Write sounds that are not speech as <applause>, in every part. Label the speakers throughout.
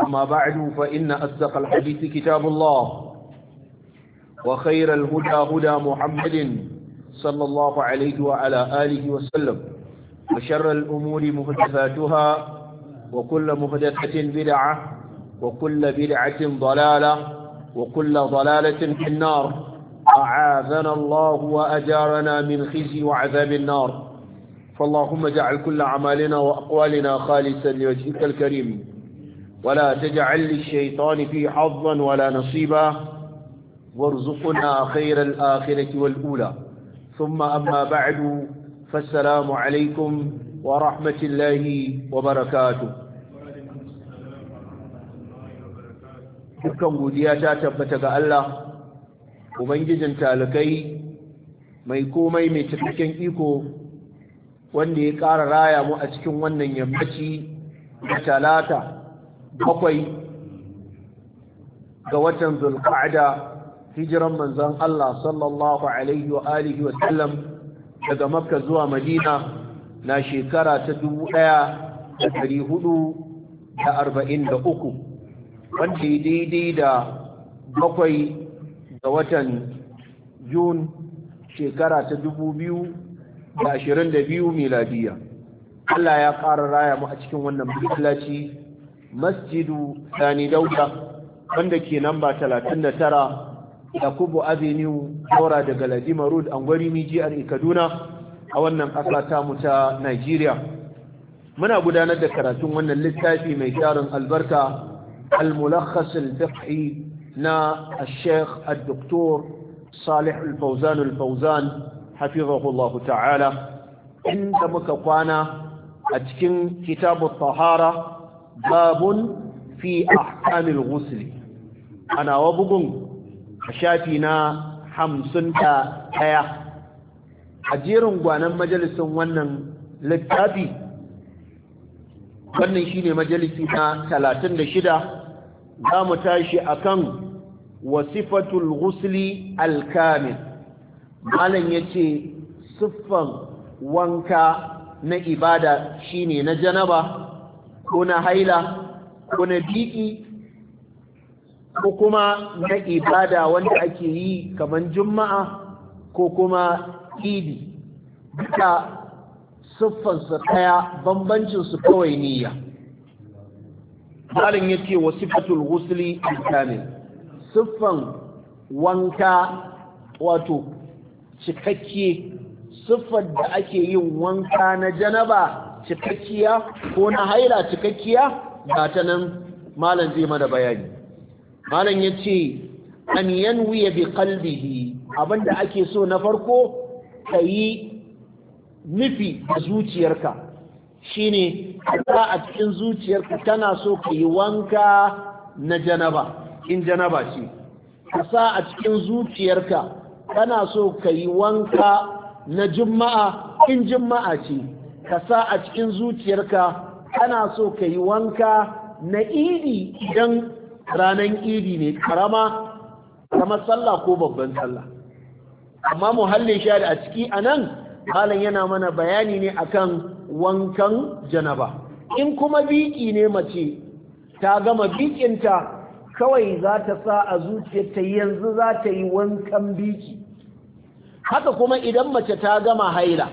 Speaker 1: أما بعد فإن أصدق الحديث كتاب الله وخير الهدى هدى محمد صلى الله عليه وعلى آله وسلم وشر الأمور مهدفاتها وكل مهدفة بدعة وكل بدعة ضلالة وكل ضلالة في النار أعاذنا الله وأجارنا من خزي وعذاب النار فاللهم اجعل كل عمالنا وأقوالنا خالصا لوجهك الكريم ولا تجعل للشيطان في حظا ولا نصيبا وارزقنا خير الآخرة والأولى ثم أما بعد فالسلام عليكم ورحمة الله وبركاته dukkan godiya ta tabbata ga Allah ubangijin talakai mai komai mai cikakken iko wanda ya ƙara raya mu a cikin wannan yammaci da talata bakwai ga watan zulqa'da hijiran manzon Allah sallallahu alaihi wa alihi wa sallam daga makka zuwa madina na shekara ta 1443 wanda daidai da bakwai ga watan jun shekara ta 2022 miladiya Allah ya ƙara raya mu a cikin wannan masallaci masjidu sani dauda wanda ke namba da yakubu avenue daura daga ladima road miji mijiyar e, kaduna a wannan ƙasa ta mu ta nigeria muna gudanar da karatun wannan littafi mai tarin albarka al-mulakhas al-fiqhi na al-sheikh al-doktor salih al-fawzan al-fawzan Allah ta'ala inda muka kwana a cikin kitabu tahara babun fi ahkamil ghusl ana wa bugun shafi na 51 a jerin gwanan majalisin wannan littafi wannan ne majalisi na 36 za mu tashi akan wasifatul ghusli alkamil malam ce siffan wanka na ibada shine na janaba ko na haila ko na bi'i, ko kuma na ibada wanda ake yi kamar juma'a ko kuma idi duka siffansa ɗaya bambancinsu kawai niyya malin ya ce wa siffatul ghusli alkamil siffan wanka wato cikakke siffar da ake yin wanka na janaba cikakkiya ko na haila cikakkiya ga ta nan malam zai mana bayani malam ya ce an yanwiya bi qalbihi abinda ake so na farko ka yi nufi da zuciyarka shine ka a cikin zuciyarka tana so ka yi wanka na janaba in janaba ce ka sa a cikin zuciyarka kana so ka yi wanka na juma'a in juma'a ce ka sa a cikin zuciyarka kana so ka yi wanka na idi idan ranar idi ne karama kama sallah ko babban sallah amma muhallin shari a ciki a nan halin yana mana bayani ne akan wankan janaba in kuma biƙi ne mace ta gama bikinta kawai za ta sa a zuciyarta yanzu za ta yi wankan biƙi, haka kuma idan mace ta gama haila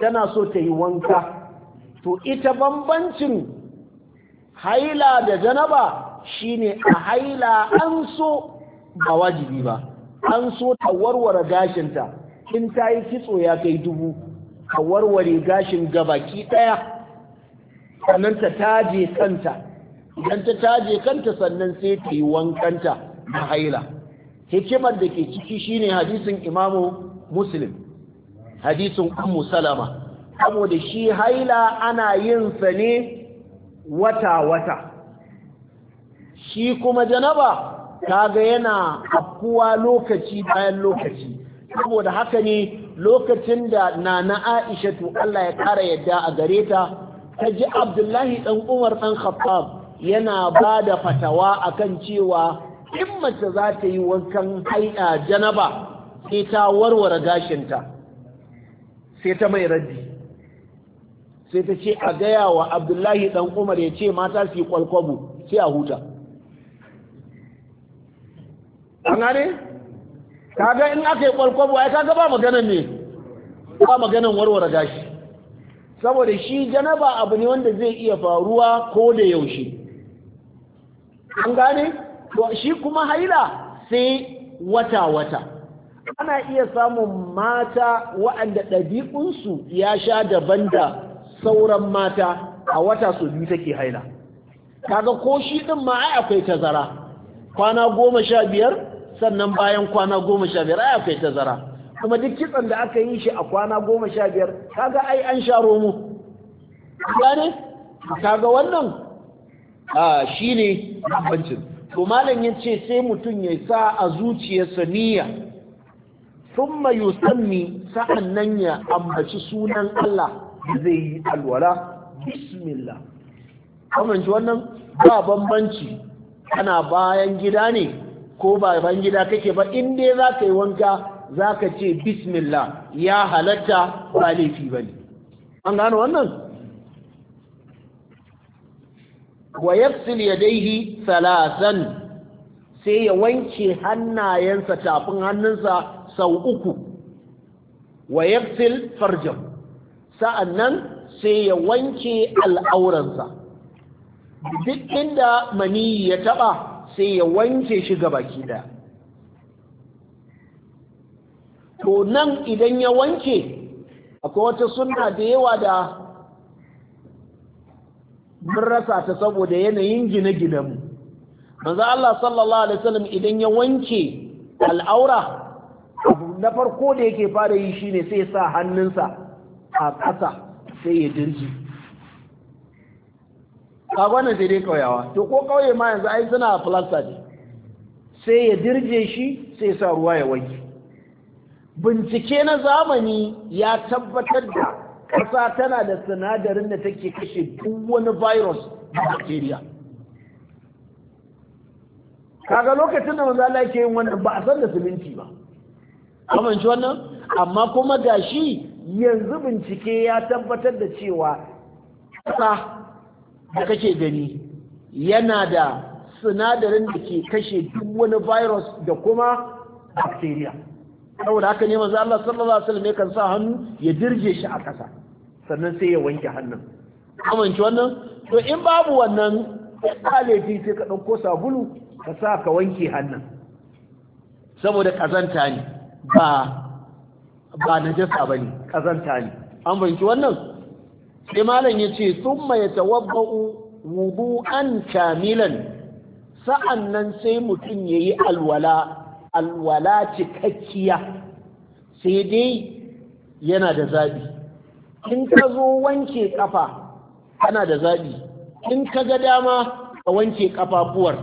Speaker 1: tana so ta yi wanka to ita bambancin haila da janaba shine a haila an so ba wajibi ba an so ta warware gashinta in ta yi kitso ya kai dubu Ka warware gashin gabaki ɗaya sannan ta taje kanta idan ta taje kanta sannan sai ta yi wankanta na haila hikimar da ke ciki shine hadisin imamu muslim hadisin ummu salama saboda shi haila ana yin sa ne wata-wata shi kuma janaba kaga yana afkuwa lokaci bayan lokaci saboda haka ne lokacin da nana to Allah ya kara yadda a gare ta ta ji abdullahi ɗan umar ɗan khattab yana ba da fatawa akan cewa in mace za ta yi wankan haida janaba sai ta warware gashinta sai ta mai raddi sai ta ce a gaya wa abdullahi dan umar ya ce mata su yi kwalkwabo sai a huta an gane kaga in aka yi kwalkwabo ai kaga ba maganan ne ba maganan warware gashi saboda shi janaba abu ne wanda zai iya faruwa ko da yaushe an gane shi kuma haila sai wata-wata ana iya samun mata waɗanda ɗabi'unsu ya sha daban da sauran mata a wata su biyu take haila kaga ko shi ɗin ma ai akwai tazara kwana goma sha biyar sannan bayan kwana goma sha biyar ai akwai tazara kuma duk kitsan da aka yi shi a kwana goma sha biyar kaga ai an sha romo gane kaga wannan a shi ne bambancin to malam ya ce sai mutum ya sa a zuciyarsa niyya ثم يسمي sa'annan ya ambaci sunan Allah zai yi alwala bismillah wannan ba bambanci kana bayan gida ne ko ba bayan gida kake ba in dai za ka yi wanka za ka ce bismillah ya halatta ba laifi ba ne an gano wannan wa yafsil yadaihi salasan sai ya wanke hannayensa tafin hannunsa sau uku wa yaksil farjan sa'annan sai ya wanke al'auransa duk inda mani ya taɓa sai ya wanke shi baki da to nan idan ya wanke akwai wata suna da yawa da mun rasa ta saboda yanayin gine-ginenmu manzo Allah sallallahu alaihi wasallam idan ya wanke al'aura na farko da yake fara yi shine sai sa hannunsa a ƙasa sai ya dirji kagwana sai dai kauyawa to ko kauye ma yanzu ai suna filasta ne sai ya dirje shi sai sa ruwa ya wanke bincike na zamani ya tabbatar da ƙasa tana da sinadarin da take kashe duk wani virus da bacteria kaga lokacin da maza Allah yin wannan ba a san da siminti ba amince wannan amma kuma gashi yanzu bincike ya tabbatar da cewa ƙasa da kake gani yana da sinadarin da ke kashe duk wani virus da kuma bacteria saboda haka ne maza Allah sallallahu alaihi wasallam yakan sa hannu ya dirje shi a ƙasa sannan sai ya wanke hannun amince wannan to in babu wannan ƙalefi sai ka ɗauko sabulu ka sa ka wanke hannun saboda ƙazanta ne ba ba ne bane kazanta ne an banki wannan sai malam yace tawabba'u yatawabba'u an kamilan nan sai mutum ya yi alwala alwala cikakkiya sai dai yana da zaɓi. in ka zo wanke ƙafa kana da zaɓi. in ka ga dama ka wanke ƙafafuwar,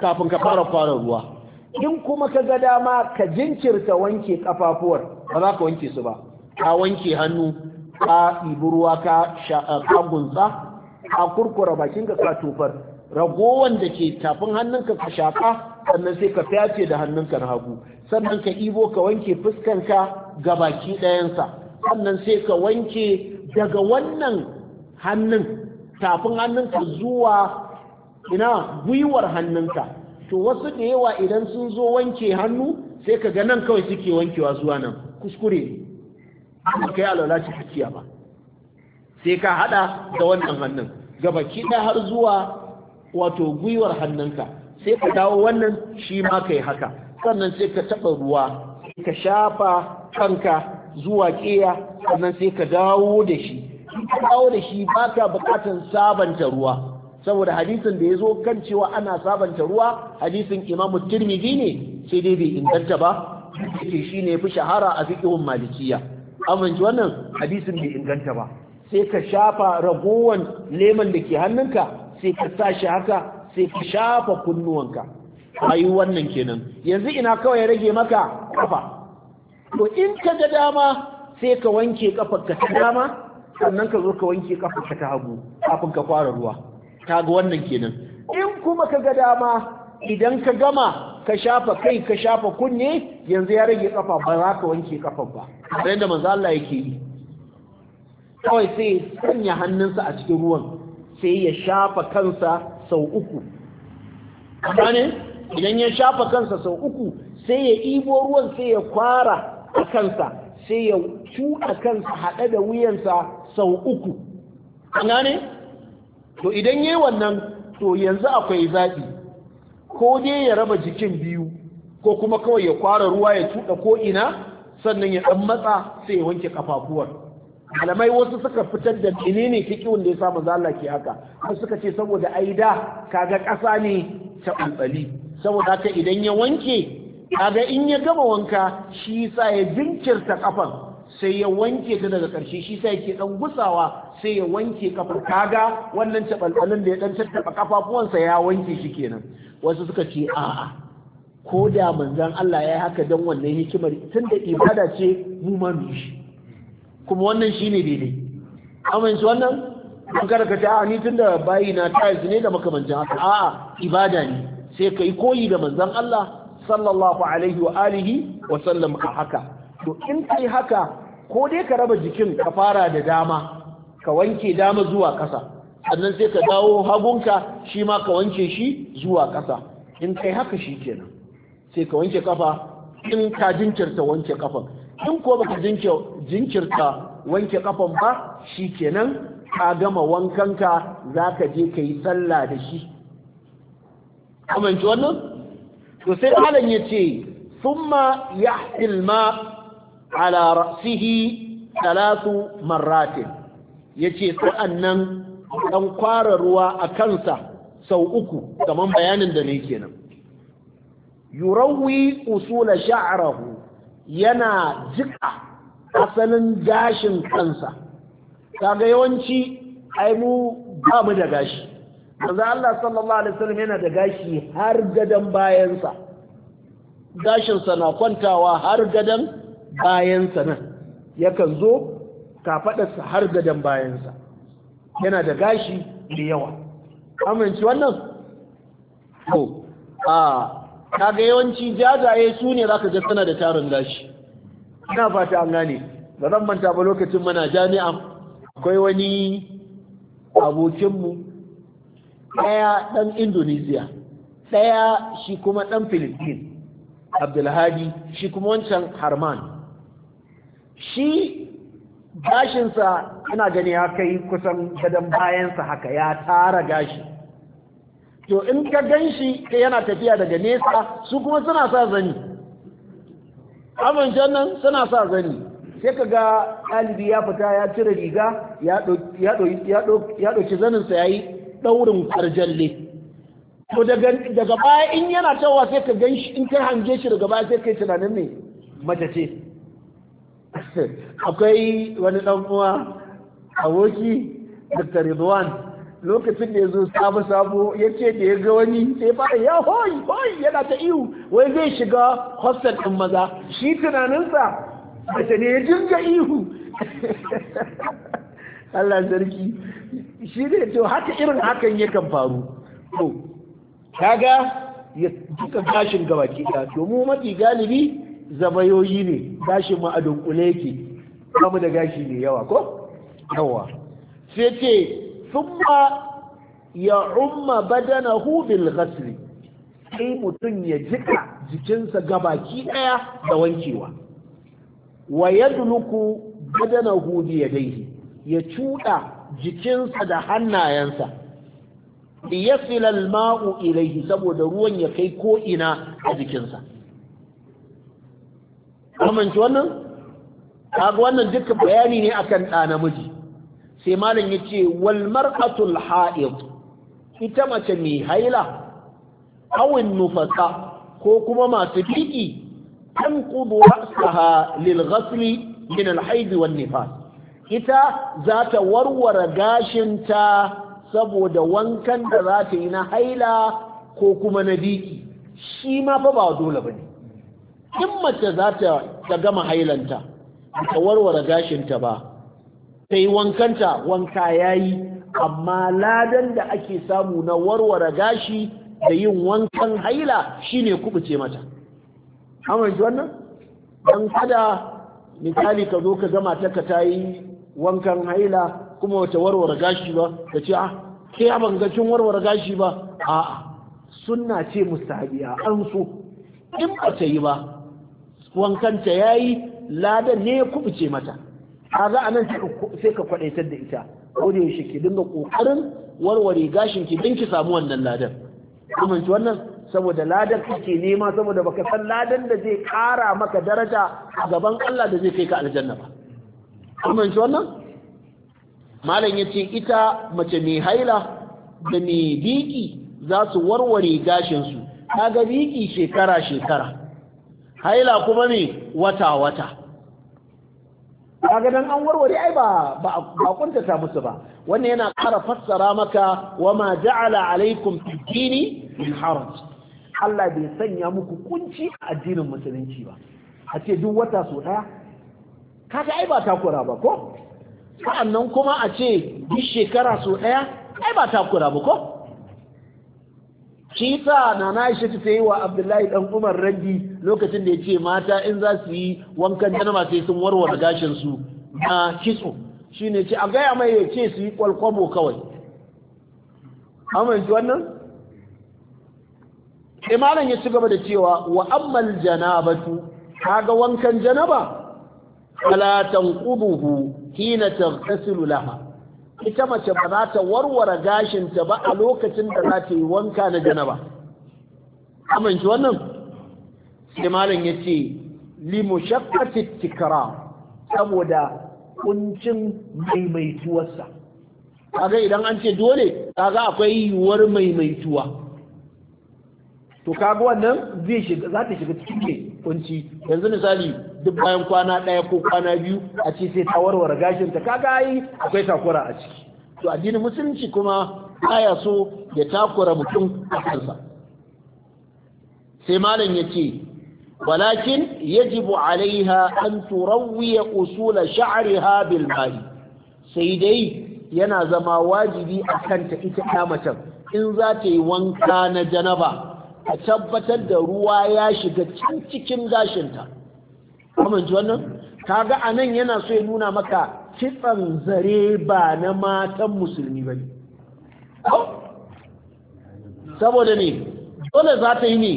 Speaker 1: kafin ka fara fara ruwa in kuma ka ga dama ka jinkirta wanke kafafuwar ba za ka wanke su ba ka wanke hannu ka ɗibi ruwa ka eh, gunsa ka kurkura bakin ka ragowan da ke tafin hannunka ka shaka sannan sai ka fyace da hannunka na hagu sannan ka ibo ka wanke fuskanka ga baki ɗayansa sannan sai ka wanke daga wannan hannun tafin hannunka zuwa ina gwiwar hannunka to wasu da yawa idan sun zo wanke hannu sai ka ga nan kawai suke wankewa zuwa nan kuskure ba kai ci cikakkiya ba sai ka hada da wannan hannun Gaba ɗaya har zuwa wato gwiwar hannunka sai ka dawo wannan shi ma kai haka sannan sai ka taɓa ruwa ka shafa kanka zuwa ƙeya sannan sai ka dawo da shi ka dawo da shi baka ka sabanta ruwa saboda hadisin da ya zo kan cewa ana sabanta ruwa hadisin imamu tirmidhi ne sai dai bai inganta ba yake shi ne fi shahara a fiƙihun malikiya amince wannan hadisin bai inganta ba sai ka shafa ragowan leman da ke hannunka sai ka sa shi haka sai ka shafa kunnuwanka ayi wannan kenan yanzu ina kawai ya rage maka kafa to in ka ga dama sai ka wanke kafarka ta dama sannan ka zo ka wanke kafarka ta hagu kafin ka fara ruwa kaga wannan kenan in kuma ka ga dama idan ka gama ka shafa kai ka shafa kunne yanzu ya rage kafa ba za ka wanke kafa ba kamar da manzo Allah yake yi kawai sai sanya hannunsa a cikin ruwan sai ya shafa kansa sau uku amma ne idan ya shafa kansa sau uku sai ya ibo ruwan sai ya kwara a kansa sai ya cuɗa kansa haɗe da wuyansa sau uku an gane to idan yayi wannan to yanzu akwai zaɓi ko dai ya raba jikin biyu ko kuma kawai ya kwara ruwa ya tuɗa ko ina sannan ya ɗan matsa sai ya wanke kafafuwar malamai wasu suka fitar da menene kiki wanda ya samu zalla ke haka wasu suka ce saboda ai da kaga ƙasa ne ta ɓantsali saboda haka idan ya wanke kaga in ya gama wanka shi sa ya jinkirta kafan sai ya wanke ta daga ƙarshe shi sai yake dan gusawa sai ya wanke kafar kaga wannan tabalbalin da ya dan tattaba kafafuwansa ya wanke shi kenan wasu suka ce a'a ko da manzon Allah ya yi haka dan wannan hikimar tunda ibada ce mu ma mu shi kuma wannan shine daidai amma su wannan an ka ta ni tunda bayi na tayis ne da makamancin haka a'a ibada ne sai kai koyi da manzon Allah sallallahu alaihi wa alihi wa sallam a haka to in kai haka ko dai ka raba jikin ka fara da dama ka wanke dama zuwa ƙasa sannan sai ka dawo hagunka shi ma ka wanke shi zuwa ƙasa in kai haka shi kenan sai ka wanke kafa in ka jinkirta wanke kafan in ko baka jinkirta wanke kafan ba shi kenan ka gama wankanka za ka je ka yi sallah da shi kamanci wannan to sai alan ya ce summa ya ma ala ra'sihi talatu marratin yace sa'annan dan kwara ruwa a kansa sau uku kaman bayanin da ne kenan yurawi usul sha'rahu yana jika asalin gashin kansa kaga yawanci ai mu ba mu da gashi manzo Allah sallallahu alaihi wasallam yana da gashi har gadan bayansa gashinsa na kwantawa har gadan bayansa nan yakan zo kafaɗarsa har gadon bayansa yana da gashi da yawa amince wannan to a kaga yawanci jajaye su ne zaka ga suna da tarin gashi ina fata an gane ba zan manta ba lokacin mana jami'a akwai wani abokinmu ɗaya ɗan indonesiya ɗaya shi kuma ɗan philippines abdulhadi shi kuma wancan harman shi gashinsa ina gani ya kai kusan gadon bayansa haka ya tara gashi to in ka gan shi yana tafiya daga nesa su kuma suna sa zani amincen nan suna sa zani sai ka ga ɗalibi ya fita ya cire riga ya ɗauki zaninsa ya yi ɗaurin farjalle to daga baya in yana cewa sai ka gan shi in ka hange shi daga baya sai ka yi tunanin ne mace ce akwai wani ɗan uwa aboki Dr. Ridwan lokacin da ya zo sabo sabu ya ce da ya ga wani sai fara ya hoi hoi yana ta ihu wai zai shiga hostel ɗin maza shi tunaninsa mace ne ya dinga ihu <laughs> Allah zarki shi ne to haka irin hakan ya kan faru to kaga ya duka gashin gabaki da to mu mafi galibi zabayoyi ne gashin ma a dunkule yake kuma da gashi ne yawa ko yawa sai ce thumma ya umma badana bil ghasli sai mutum ya jika jikinsa gabaki daya da wankewa wa yadluku badanahu bi yadayhi ya cuda jikinsa da hannayensa ya al-ma'u ilayhi saboda ruwan ya kai ko ina a jikinsa amince wannan kaga wannan duka bayani ne akan ɗa namiji sai malam yace wal mar'atul ha'id ita mace mai haila awin nufasa ko kuma masu fiki tanqudu ra'saha lil ghasli min al haid wan nifas ita za ta warware gashinta saboda wankan da za ta yi na haila ko kuma na biki shi ma fa ba dole bane in mace za ta gama hailanta ta warware gashinta ba ta yi wankanta wanka ya yi amma ladan da ake samu na warware gashi da yin wankan haila shine kubuce mata amince wannan don kada misali ka zo ka gama ta ka ta yi wankan haila kuma wata warware gashi ba ta ce ah sai ya bangacin warware gashi ba a'a sunna ce mustahabiya an so in ba ta yi ba wankanta yi, ladan ne ya kubuce mata A a nan sai ka kwadaitar da ita ko da yaushe ki dinga kokarin warware gashin ki ki samu wannan ladan kuma wannan saboda ladan kake nema saboda baka san ladan da zai kara maka daraja a gaban Allah da zai kai ka aljanna ba kuma wannan malam yace ita mace mai haila da mai biki za su warware gashin su kaga biki shekara shekara haila kuma ne wata-wata kaga dan an warware ai ba ba kuntata musu ba wannan yana kara fassara maka ma ja'ala alaikum fi dini min haraj Allah bai sanya muku kunci a addinin musulunci ba a ce duk wata so daya kaga ai ba takura ba ko sa'annan kuma a ce duk shekara so daya ai ba takura ba ko shi na na shi ta yi wa abdullahi dan umar raddi lokacin da ya ce mata in za su yi wankan janama sai sun warware gashin su na kitso shi ne ce a gaya mai ya ce su yi kwalkwabo kawai amince wannan imanin ya ci gaba da cewa wa ammal janabatu kaga wankan janaba ala tanqubuhu hina taghtasilu laha ita mace ba za ta warware gashinta ba a lokacin da za ta yi wanka na janaba amince wannan sai malam ya ce limushakkati tikra saboda kuncin maimaituwarsa kaga idan an ce dole kaga akwai yiwuwar maimaituwa to kaga wannan zai shiga za ta shiga cikin kunci yanzu misali duk bayan kwana ɗaya ko kwana biyu a ce sai ta warware gashinta kaga yi akwai takura a ciki to addinin musulunci kuma baya so ya takura mutum a kansa sai malam ya ce walakin yajibu alaiha an turawwiya usula sha'riha bil mali sai dai yana zama wajibi a kanta ita ta macen in za ta yi wanka na janaba a tabbatar da ruwa ya shiga cikin gashinta kamanci wannan kaga a nan yana so ya nuna maka kitsan zare ba na matan musulmi ba ne saboda ne dole za ta yi ne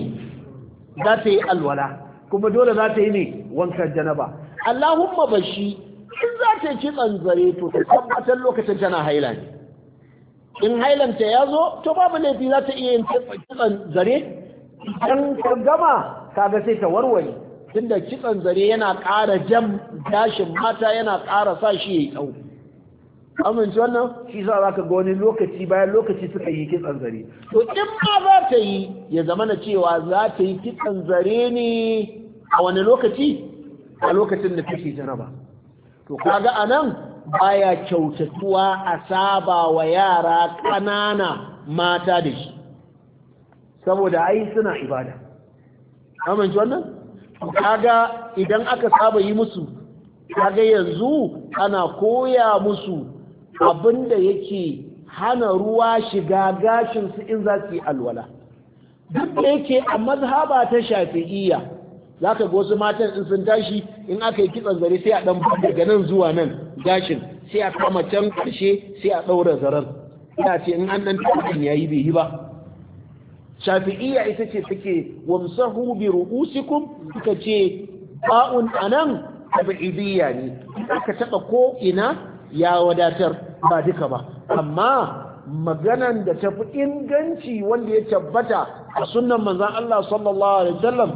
Speaker 1: za ta yi alwala kuma dole za ta yi ne wankan janaba allahumma bashi in za ta yi kitsan zare to ta tabbatar lokacin tana haila ne in hailanta ya zo to babu laifi za ta iya yin kitsan zare idan ta gama kaga sai ta warware tunda kitsan zare yana ƙara jam gashin mata yana ƙara sa shi ya yi tsawo amince wannan shi sa za ka ga wani lokaci bayan lokaci suka yi kitsan zare to in ma za ta yi ya zama na cewa za ta yi kitsan zare ne a wani lokaci a lokacin da kake jaraba to kaga a nan baya kyautatuwa a saba wa yara ƙanana mata da shi saboda ai suna ibada amince wannan kaga idan aka saba yi musu kaga yanzu ana koya musu abinda yake hana ruwa shiga gashin gashinsu in za su yi alwala duk da yake a mazhaba ta shafi'iyya za ka ga wasu matan in sun tashi in aka yi kitsan zare sai a dan daga nan zuwa nan gashin sai a kama can karshe sai a ɗaura zarar ina ce in an dan tafi ya bai yi ba shafi'iyya ita ce take wamsahu bi ru'usikum suka ce ba'un anan tabi'idiyya ne aka taba ko ina ya wadatar ba duka ba amma maganan da ta fi inganci wanda ya tabbata a sunnan manzon Allah sallallahu alaihi wasallam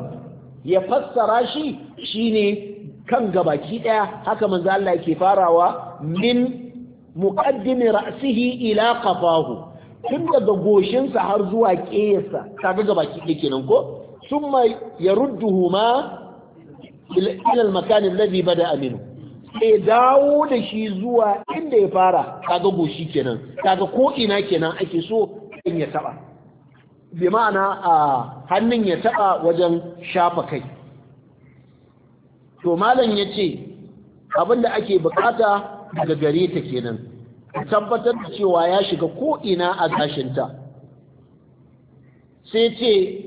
Speaker 1: ya fassara shi shine kan gabaki daya haka manza Allah yake farawa min muqaddimi ra'sihi ila qafahu tun daga goshinsa har zuwa ƙeyarsa ta ga baki ɗaya kenan ko ya ruddu ma ilal makanin labi ba da aminu sai dawo da shi zuwa inda ya fara kaga goshi kenan kaga ko ina kenan ake so in ya taba bi ma'ana a hannun ya taɓa wajen shafa kai to malam ya yace abinda ake bukata daga gare ta kenan tabbatar da cewa ya shiga ko'ina a gashinta sai ce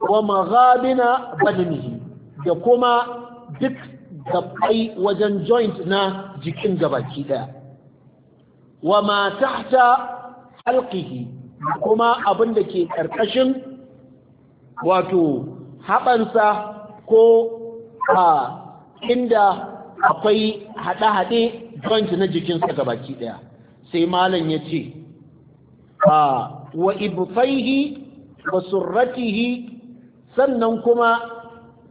Speaker 1: wa maghabina badanihi da kuma duk gabai wajen joint na jikin gabaki daya wa ma tahta halqihi kuma abin da ke karkashin wato haɓansa ko a inda akwai haɗe-haɗe joint na jikinsa ga baki ɗaya sai malam ya ce a wa ibfaihi wa surratihi sannan kuma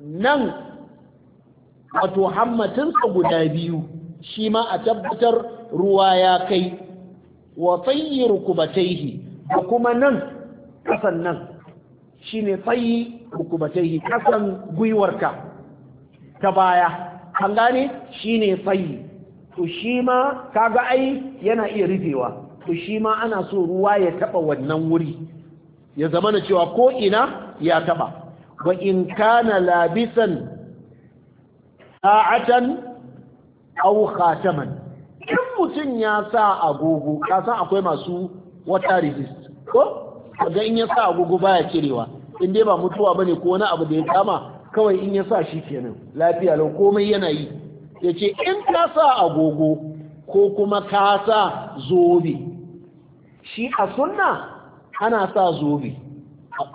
Speaker 1: nan wato hammatinsa guda biyu shi ma a tabbatar ruwa ya kai wa tsayi rukubataihi da kuma nan kasan nan shi ne tsayi rukubataihi kasan gwiwarka ta baya an gane shi ne to shi ma kaga ai yana iya rufewa to shi ma ana so ruwa ya taba wannan wuri ya zama na cewa ko ina ya taba wa in kana labisan sa'atan aw khataman in mutun ya sa agogo ka san akwai masu water resist ko kaga in ya sa agogo baya cirewa in dai ba mutuwa bane ko wani abu da ya kama kawai in ya sa shi kenan lafiya lau komai yana yi ya ce in ka sa agogo ko kuma ka sa zobe shi a suna ana sa zobe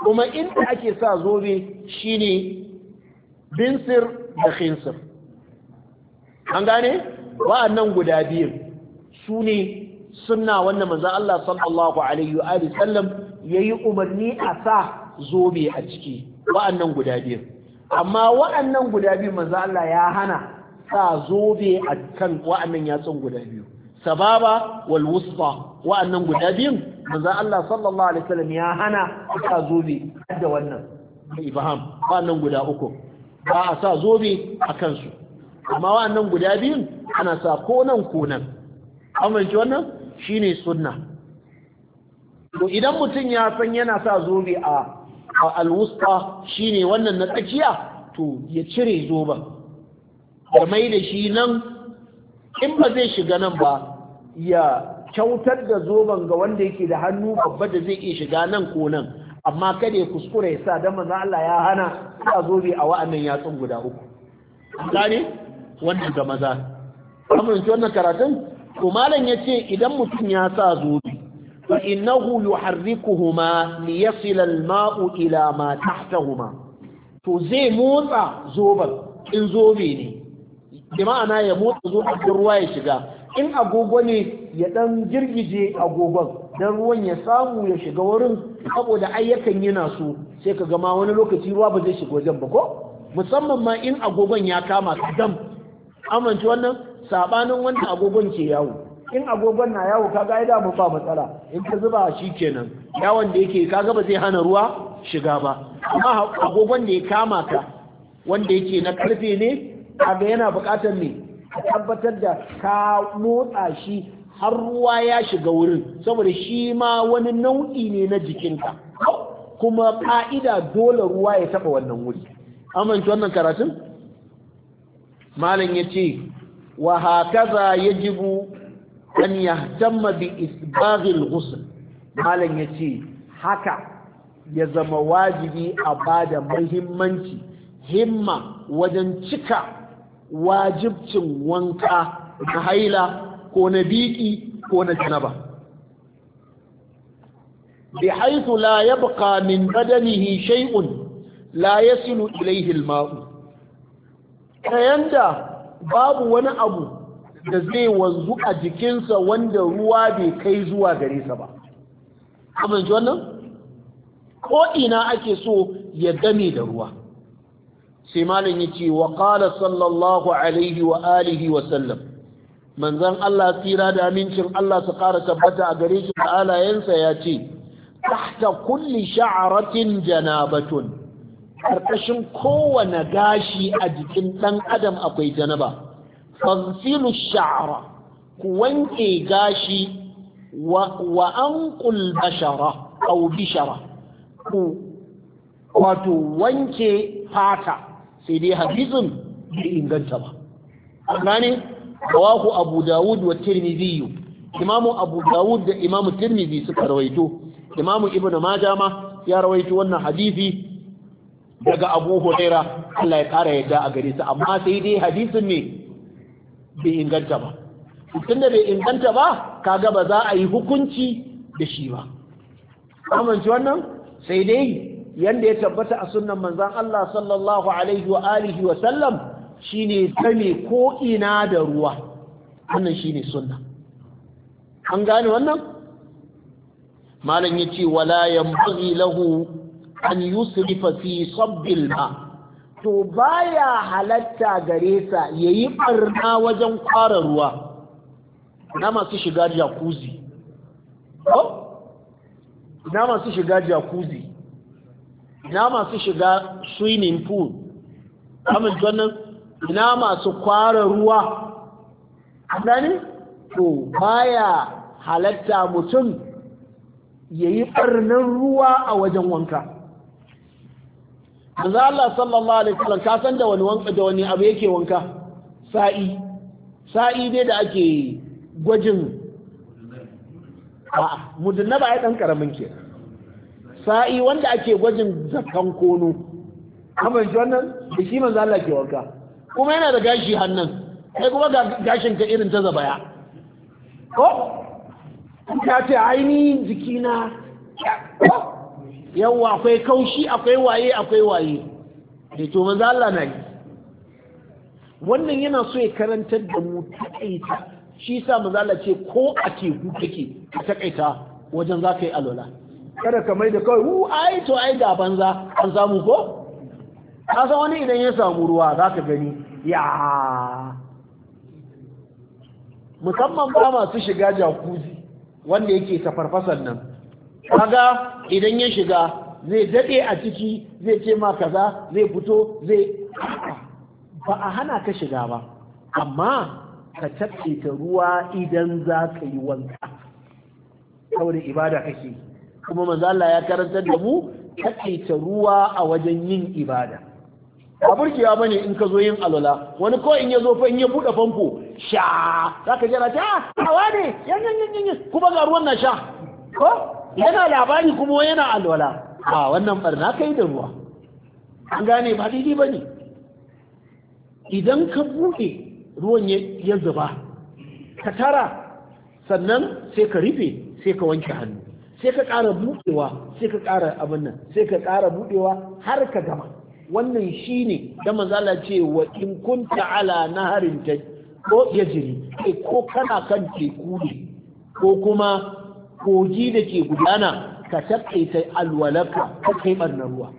Speaker 1: kuma inda ake sa zobe shine binsir da khinsir an gane wa'annan guda biyun su ne sunna wanda maza Allah sallallahu alaihi wa'adu sallam ya yi umarni a sa zobe a ciki wa'annan guda biyun amma wa'annan guda biyun maza Allah ya hana sa zobe a kan wa'annan yatsun guda biyu sababa wal wusta wa'annan guda biyun manzo Allah sallallahu alaihi wasallam ya hana sa zobe da wannan ibham wa'annan guda uku ba a sa zobe a kansu amma wa'annan guda biyun ana sa ko nan ko nan amince wannan shine sunna to idan mutum ya san yana sa zobe a alwusta shine wannan na tsakiya to ya cire zoben da mai da shi nan in ba zai shiga nan ba ya kyautar da zoben ga wanda yake da hannu babba da zai iya shiga nan ko nan amma kada ya kuskure ya sa dan maza Allah ya hana zo zobe a wa'annan yatsun guda uku gane wannan ga maza amince wannan karatun to malam yace idan mutum ya sa zobe fa innahu yuharrikuhuma liyasila al-ma'u ila ma tahtahuma to zai motsa zoben in zobe ne bi ma'ana ya motsa cikin ruwa ya shiga in agogo ne ya dan girgije agogon dan ruwan ya samu ya shiga wurin saboda yi yana so sai ka gama wani lokaci ruwa ba zai shiga wajen ba ko musamman ma in agogon ya kama ka dam amince wannan sabanin wanda agogon ke yawo in agogon na yawo kaga da mu ba matsala in ka zuba shi kenan yawon da yake kaga ba zai hana ruwa shiga ba amma agogon da ya kama ka wanda yake na karfe ne abu yana bukatar ne a tabbatar da ka motsa shi har ruwa ya shiga wurin saboda shi ma wani nau'i ne na jikinka kuma ƙa'ida dole ruwa ya taɓa wannan wuri amince wannan karatun malam ya ce wa hakaza jibu an tamma bi isbaghil ghusl malam ya ce haka ya zama wajibi a bada muhimmanci himma wajen cika wajibcin wanka na haila ko na biki ko na janaba bi haythu la yabqa min badanihi shay'un la yasilu ilayhi al-ma'u kayanda babu wani abu da zai wanzu a jikinsa wanda ruwa bai kai zuwa gare sa ba amma ji wannan ko ina ake so ya game da ruwa sai ya yace wa qala sallallahu alaihi wa alihi wa sallam manzon Allah tsira da amincin Allah su ƙara tabbata a gare shi da alayensa ya ce tahta kulli sha'aratin janabatun karkashin kowane gashi a jikin ɗan adam akwai janaba fansilu sha'ara ku wanke gashi wa an bashara au bishara ku wato wanke fata sai dai hadisin bai inganta ba amma ne rawahu abu dawud wa tirmidhi imamu abu dawud da imamu tirmidhi suka rawaito imamu Ibn majah ma ya rawaito wannan hadisi daga abu huraira Allah ya kara yadda a gare su amma sai dai hadisin ne bai inganta ba tunda da bai inganta ba kaga ba za a yi hukunci da shi ba amince wannan sai dai yanda ya tabbata a sunan manzon Allah sallallahu alaihi wa alihi wa sallam shine tsame ko ina da ruwa wannan shine sunna an gane wannan malam yace wala yanbaghi lahu an yusrifa fi sabbil ma' to baya halatta gare sa yayi barna wajen kwara ruwa na masu shiga jakuzi. ko na masu shiga jakuzi ina masu shiga swimming pool amin wannan ina masu kwara ruwa gani to baya halatta mutum ya yi ɓarnin ruwa a wajen wanka manzo Allah sallallahu alaihi wasallam ka san da wani wanka da wani abu yake wanka sa'i sa'i dai da ake gwajin a mudunna ba ya dan karamin kenan sa'i wanda ake gwajin zakan kono kamar shi wannan da shi manzo Allah ke wanka kuma yana da gashi hannan kai kuma ga gashin ka irin ta zabaya ko ka ce aini jikina yawa akwai kaushi akwai waye akwai waye da eh, to manzo Allah na yi wannan yana so ya karantar da mu takaita shi sa manzo Allah ce ko a teku kake ka takaita wajen zaka yi alwala kada ka mai da kawai wu ai to ai ga banza an samu ko ka san wani idan ya samu ruwa za ka gani ya musamman ba masu shiga jakuzi wanda yake tafarfasan nan kaga idan ya shiga zai daɗe a ciki zai ce ma kaza zai fito zai <coughs> ba a hana ka shiga ba amma ka tafke ruwa idan za ka yi wanka saboda ibada kake yi kuma manzala ya karantar da mu takaita ruwa a wajen yin ibada a burkewa bane in ka zo yin alwala wani ko in ya zo in ya buɗe famfo sha za ka jira ta ah, hawa ne yanyan kuma ga ruwan na sha ko yana labari kuma yana alwala a wannan barna kai da ruwa an gane ba daidai ba ne idan ka buɗe ruwan ya zuba ka tara sannan sai ka rufe sai ka wanke hannu sai ka ƙara buɗewa sai ka ƙara abin nan sai ka ƙara buɗewa har ka gama wannan shine da mazala ce wa in kunta ala naharin ta ko jiri kai eh, ko kana kan teku ne ko kuma kogi da ke gudana ka taƙaita alwalaka ka kai ɓarnar ruwa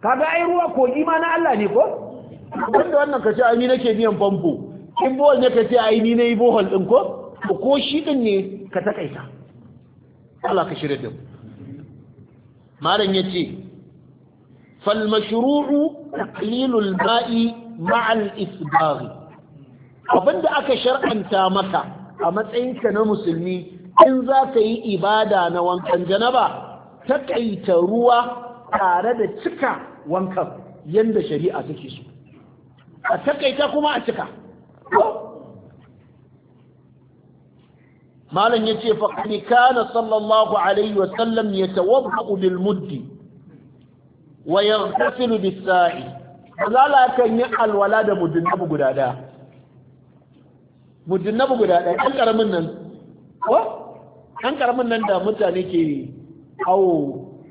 Speaker 1: kaga ai ruwa kogi ma na Allah ne ko wanda wannan ka ce ai ni nake biyan famfo in bohol ne ka ce ai ni nayi bohol din ko ko shi din ne ka taƙaita Allah ka shirya da mu malam yace fal mashru'u taqlilul ma'i ma'al isbagh abinda aka shar'anta maka a matsayinka na musulmi in za ka yi ibada na wankan janaba takaita ruwa tare da cika wankan yanda shari'a take so a takaita kuma a cika malam yace fa kana sallallahu alaihi wa sallam yatawadda bil muddi wa yaghtasilu bis sa'i zala kan yi alwala da mudunnabu guda mudunnabu guda daya ɗan karamin nan ko ɗan karamin nan da mutane ke awo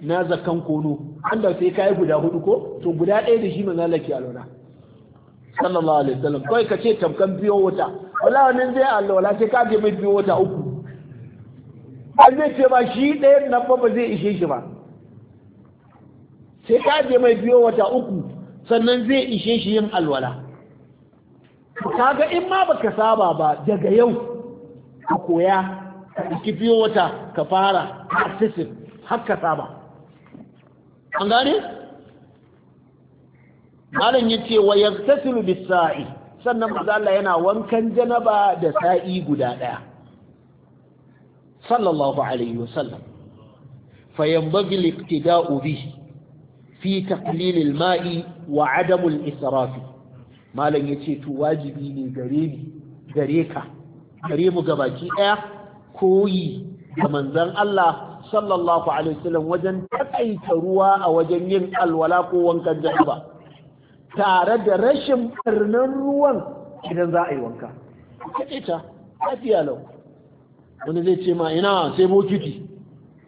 Speaker 1: na zakan kono an da sai kai guda hudu ko to guda ɗaya da shi manzala ke alwala sallallahu alaihi wasallam kai ka ce tamkan biyo wata wala wannan zai alwala sai ka je mai biyo wata uku har zai ce ba shi ɗayan nan ba ba zai ishe shi ba sai ka je mai biyo wata uku sannan zai ishe shi yin alwala kaga in ma baka saba ba daga yau ka koya ki biyo wata ka fara accessive har ka saba an gane malam ce wa yanzu bis sa'i sannan manzo Allah yana wankan janaba da sa'i guda ɗaya. sallallahu alaihi wasallam fayanbaghi al-iqtida'u fi taqlil mai wa 'adam al malam yace to wajibi ne gare gare ka gare mu gabaki daya koyi da manzon Allah sallallahu wajen taƙaita ruwa a wajen yin alwala ko wankan janaba tare da rashin barnan ruwan idan za a yi wanka kaɗaita lafiya lau wani zai ce ma ina sai bokiti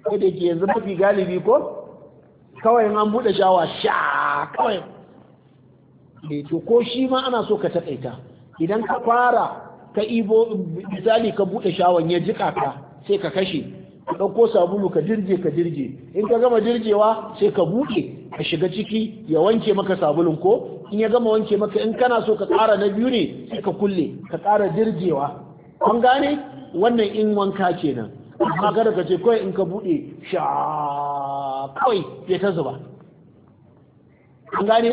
Speaker 1: ko ke yanzu mafi galibi ko kawai an buɗe shawa sha kawai da eh, to ko shi ma ana so ka taƙaita idan ka fara ka ibo misali ka buɗe shawan ya jika ka sai ka kashe ka ɗauko sabulu ka dirje ka dirje in ka gama dirjewa sai ka buɗe ka shiga ciki ya wanke maka sabulun ko in ya gama wanke maka in kana so ka ƙara na biyu ne sai ka kulle ka ƙara dirjewa an gane wannan in wanka kenan amma kada ka ce kawai in ka bude sha kawai ya ta zuba an gane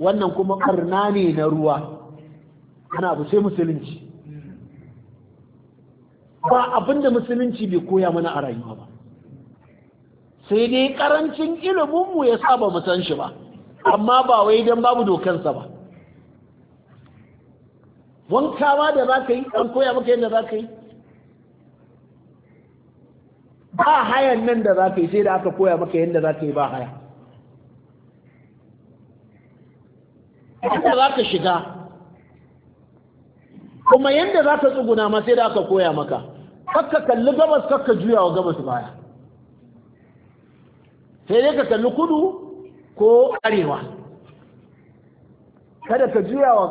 Speaker 1: wannan kuma karna ne na ruwa ana abu sai musulunci ba abinda musulunci bai koya mana a rayuwa ba sai dai karancin iliminmu ya saba mu san shi ba amma ba wai don babu dokansa ba wanka ma da za ka yi an koya maka yadda za ka yi ba hayan nan da za ka yi sai da aka koya maka yadda za ka yi ba haya yadda za ka shiga kuma yadda za ka tsuguna ma sai da aka koya maka kakka kalli gabas kakka juya wa gabas baya sai dai ka kalli kudu ko arewa kada ka juya wa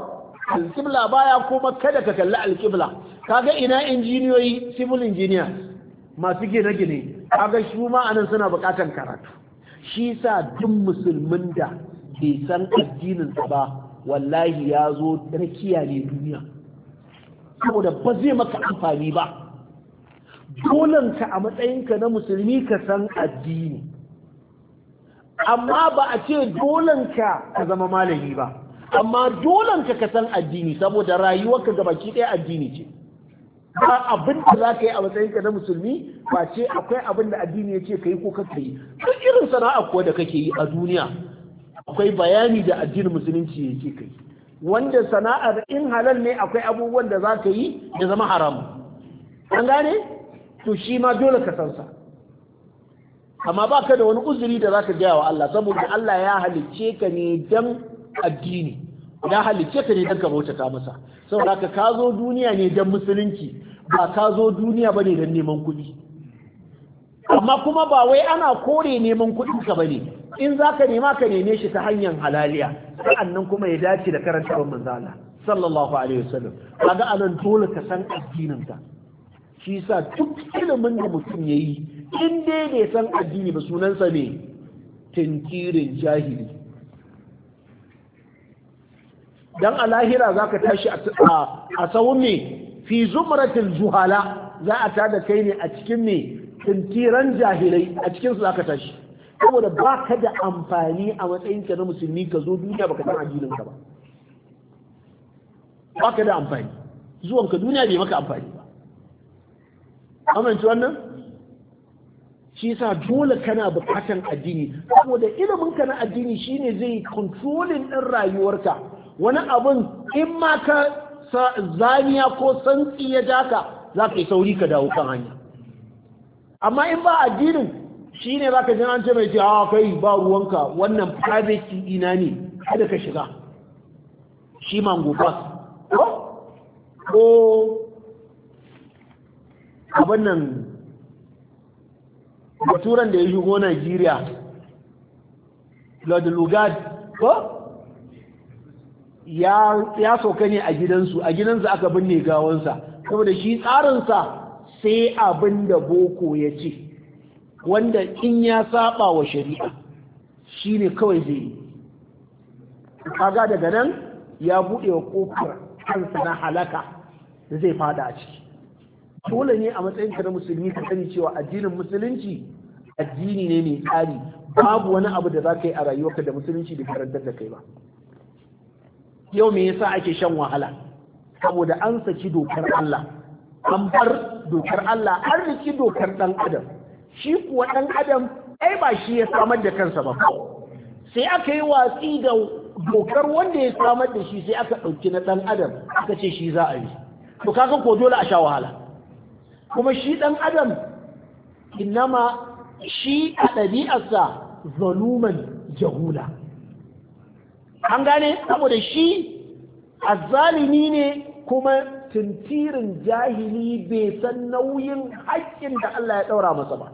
Speaker 1: alƙibla baya kuma kada ka kalli alƙibla kaga ina injiniyoyi civil engineers masu gine-gine kaga shi ma anan suna bukatan karatu shi sa duk musulmin da bai san addinin ba wallahi ya zo rakiya ne duniya saboda ba zai maka amfani ba dolanka a matsayinka na musulmi ka san addini amma ba a ce dolanka ka zama malami ba amma dolanka ka san addini saboda rayuwarka ga baki ɗaya addini ce ba abin da za ka yi a matsayin ka na musulmi ba ce akwai abin da addini ya ce ka yi ko ka yi duk irin sana'a kuwa da kake yi a duniya akwai bayani da addinin musulunci ya ce ka yi wanda sana'ar in halal ne akwai abubuwan da za ka yi ya zama haram an gane to shi ma dole ka san sa amma ba ka da wani uzuri da za ka gaya wa Allah saboda Allah ya halicce ka ne dan addini ya halicce ka ne don ka bautata masa saboda ka ka zo duniya ne don musulunci ba ka zo duniya ba ne don neman kuɗi amma kuma ba wai ana kore neman kuɗin ka ba in za ka nema ka neme shi ta hanyar halaliya sa'annan kuma ya dace da karantarwar manzala sallallahu alaihi wasallam kaga anan dole ka san addinin ka shi yasa duk ilimin da mutum yayi in dai bai san addini ba sunansa ne tinkirin jahili dan a lahira za ka tashi a tsawon ne fi zumratil zuhala za a tada kai ne a cikin ne tuntiran jahilai a cikinsu za ka tashi saboda ba ka da amfani a matsayinka na musulmi ka zo duniya baka san addininka ba ba ka da amfani zuwanka duniya bai maka amfani ba amince wannan shi yasa dole kana bukatan addini saboda ilimin ka na addini shine zai controlling din rayuwarka wani abin in ma ka zaniya ko santsi ya ja ka za ka yi sauri ka dawo kan hanya amma in ba addinin shi ne za ka ji mai ce a ah, kai ba ruwanka wannan private ina ne kada ka shiga shi mango bus ko abin nan baturan da ya shigo Najeriya Lord Lugard ko ya sauka ne a gidansu a gidansu aka binne gawansa saboda shi tsarinsa sai abin da boko ya ce wanda in ya saba wa shari'a shi ne kawai zai yi kaga daga nan ya buɗe wa ƙofar kansa na halaka da zai fada a ciki dole ne a matsayinka na musulmi ka sani cewa addinin musulunci addini ne mai tsari babu wani abu da za ka yi a rayuwarka da musulunci da karantar da kai ba yau me yasa ake shan wahala saboda an saki dokar Allah an bar dokar Allah an riki dokar dan adam shi kuwa dan adam ai ba shi ya samar da kansa ba sai aka yi watsi da dokar wanda ya samar da shi sai aka ɗauki na dan adam aka ce shi za a yi to kaga ko dole a sha wahala kuma shi dan adam innama shi a ɗabi'arsa zaluman jahula an gane saboda shi azzalimi ne kuma tuntirin jahili bai san nauyin haƙƙin da Allah ya ɗaura masa ba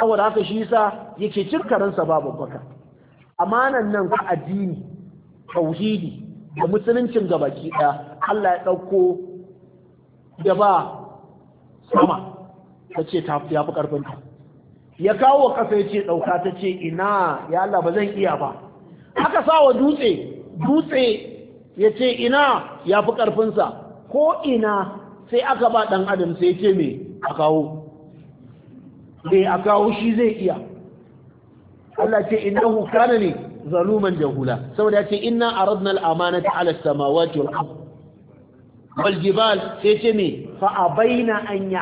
Speaker 1: saboda haka shi sa yake cin karansa ba baka. amanan nan ka addini tauhidi da musuluncin gabaki ɗaya Allah ya ɗauko da ba sama ta ce ta fi ƙarfinta ya kawo ƙasa ya ce ɗauka ta ce ina ya Allah ba zan iya ba aka sa wa dutse dutse ya ce ina ya fi ƙarfinsa ko ina sai aka ba ɗan adam sai ce me a kawo me a kawo shi zai iya Allah ce ina hukana ne zaluman jahula saboda ce ina a radnal amana ta ala samawati wal ardh wal jibal sai ce me fa abaina an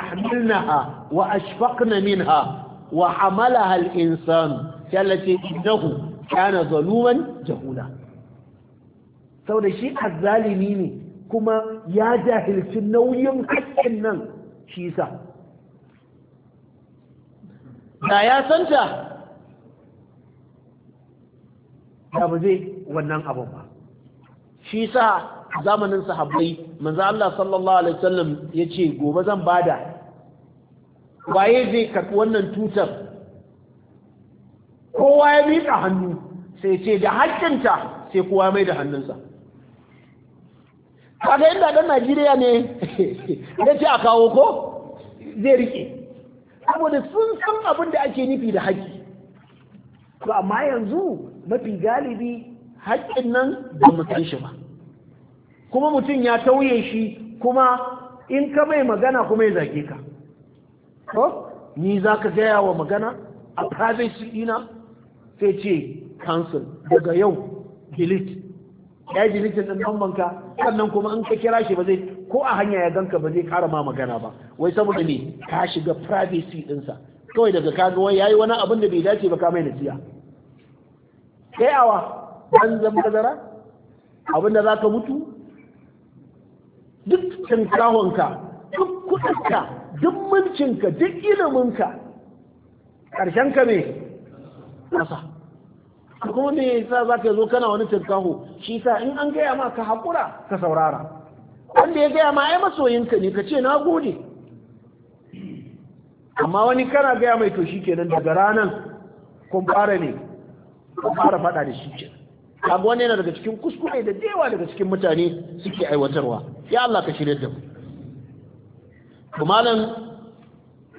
Speaker 1: ha? wa ashfaqna minha wa hamalaha al insan sai Allah ce innahu kana zaluman jahula saboda shi azzalimi ne kuma ya jahilci nauyin haƙƙin nan shi sa da ya santa da ba zai wannan abin ba shi sa zamanin sahabbai manzo Allah sallallahu alaihi wasallam yace gobe zan bada waye zai karɓi wannan tutar kowa ya miƙa hannu sai ce da haƙƙinta sai kowa mai da hannunsa kaga inda ɗan Najeriya ne <laughs> ya ce a kawo ko zai rike saboda sun san abin da ake nufi da haƙƙi to amma yanzu mafi galibi haƙƙin nan da mu shi ba kuma mutum ya tauye shi kuma in ka mai magana kuma ya zage ka ko ni za ka gaya wa magana a private ina sai ce cancel daga yau delete ya yi deleting ɗan banka sannan kuma in ka kira shi ba zai ko a hanya ya ganka ba zai kara ma magana ba wai saboda ne ka shiga privacy ɗinsa kawai daga kaga wai yi wani abin da bai dace ba ka mai nasiya kai awa an zama kazara abin da ka mutu duk tankahonka duk kudinka duk mulkinka duk iliminka ƙarshen ka mai nasa kuma me yasa za zo kana wani tinkaho shi sa in an gaya ma ka hakura ka saurara wanda ya gaya ma ai masoyinka ne ka ce na gode amma wani kana gaya mai to shikenan daga ranan kun fara ne kun fara faɗa da shi kenan abu wani yana daga cikin kuskure da dewa daga cikin mutane suke aiwatarwa ya Allah ka shirya da mu kumalan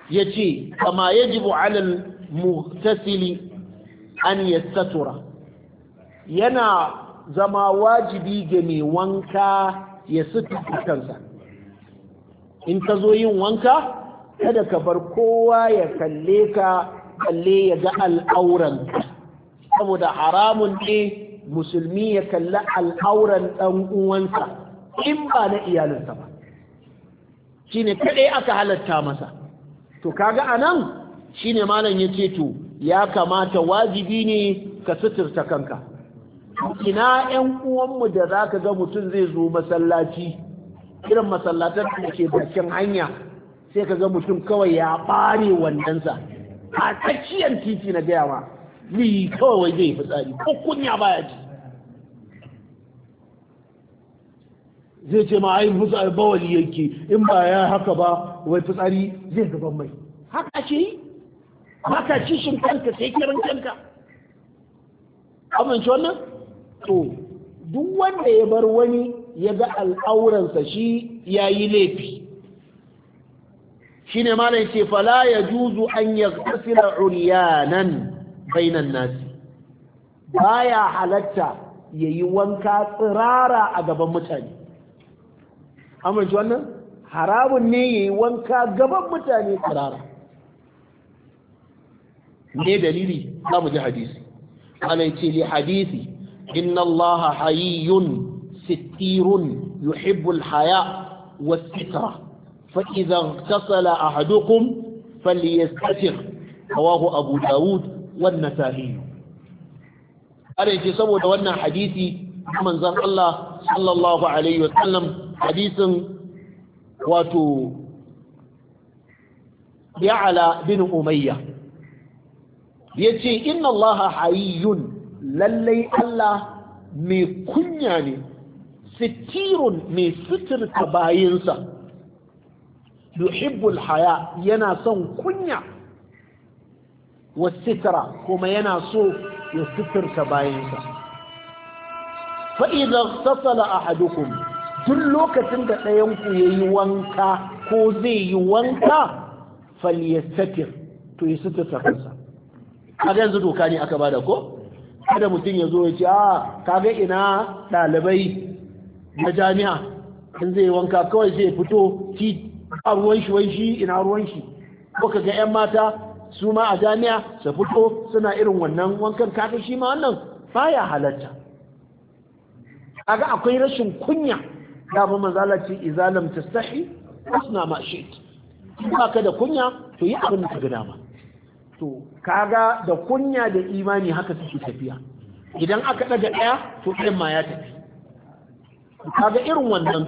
Speaker 1: ya ce kama yajibu alal mutasili an yastatura yana zama wajibi ga mai wanka ya sutura kansa in ka zo yin wanka kada ka bar kowa ya kalle ka kalle ya ga al'auran saboda haramun ne musulmi ya kalli al'auran ɗan uwansa in ba na iyalinsa ba shine kaɗai aka halatta masa to kaga anan shine malam yace to ya kamata wajibi ne ka suturta kanka ina 'yan uwanmu da za ka ga mutum zai zo masallaci irin masallatar da ke bakin hanya sai ka ga mutum kawai ya ɓare wandansa a tsakiyar titi na gaya ma ni kawai zai fitsari ko kunya baya ji zai ce ma ai fitsari bawali yake in ba ya haka ba wai fitsari zai gaban mai haka ce yi ba ka kishin kanka sai kiran kanka amince wannan to duk wanda ya bar wani ya ga al'auransa shi ya yi laifi shine malam ce fala ya juzu an yaghtasila uryanan bainan nasi baya halatta yayi wanka tsirara a gaban mutane amince wannan haramun ne yayi wanka gaban mutane tsirara ne dalili za mu ji hadisi ana ce li hadisi inna allaha hayyun sittirun yuhibbul haya was sitra fa idza ihtasala ahadukum falyastatir rawahu abu daud wan nasa'i ana ce saboda wannan hadisi manzon Allah sallallahu alaihi wasallam hadisin wato ya'ala bin umayya ya ce inna Allah hayyun lallai Allah mai kunya ne sitirun mai suturta bayinsa yuhibbul haya yana son kunya wa sitira kuma yana so ya suturta bayansa fa'idan sassala a hadukun duk lokacin da ɗayanku ya yi wanka ko zai yi wanka faliyastatir to ya suturta kansa kaga yanzu doka ne aka bada ko kada mutum ya zo ya ce a kaga ina ɗalibai na jami'a in zai wanka kawai zai fito ki a shi wai shi ina ruwan shi ko kaga yan mata su ma a jami'a su fito suna irin wannan wankan kaga shi ma wannan baya halatta kaga akwai rashin kunya da ba manzala ce izalam wasu asna ma shi ba ka da kunya to yi abin da ka gada ba. to kaga da kunya da imani haka suke tafiya idan aka daga ɗaya to ɗayan ma ya tafi kaga irin wannan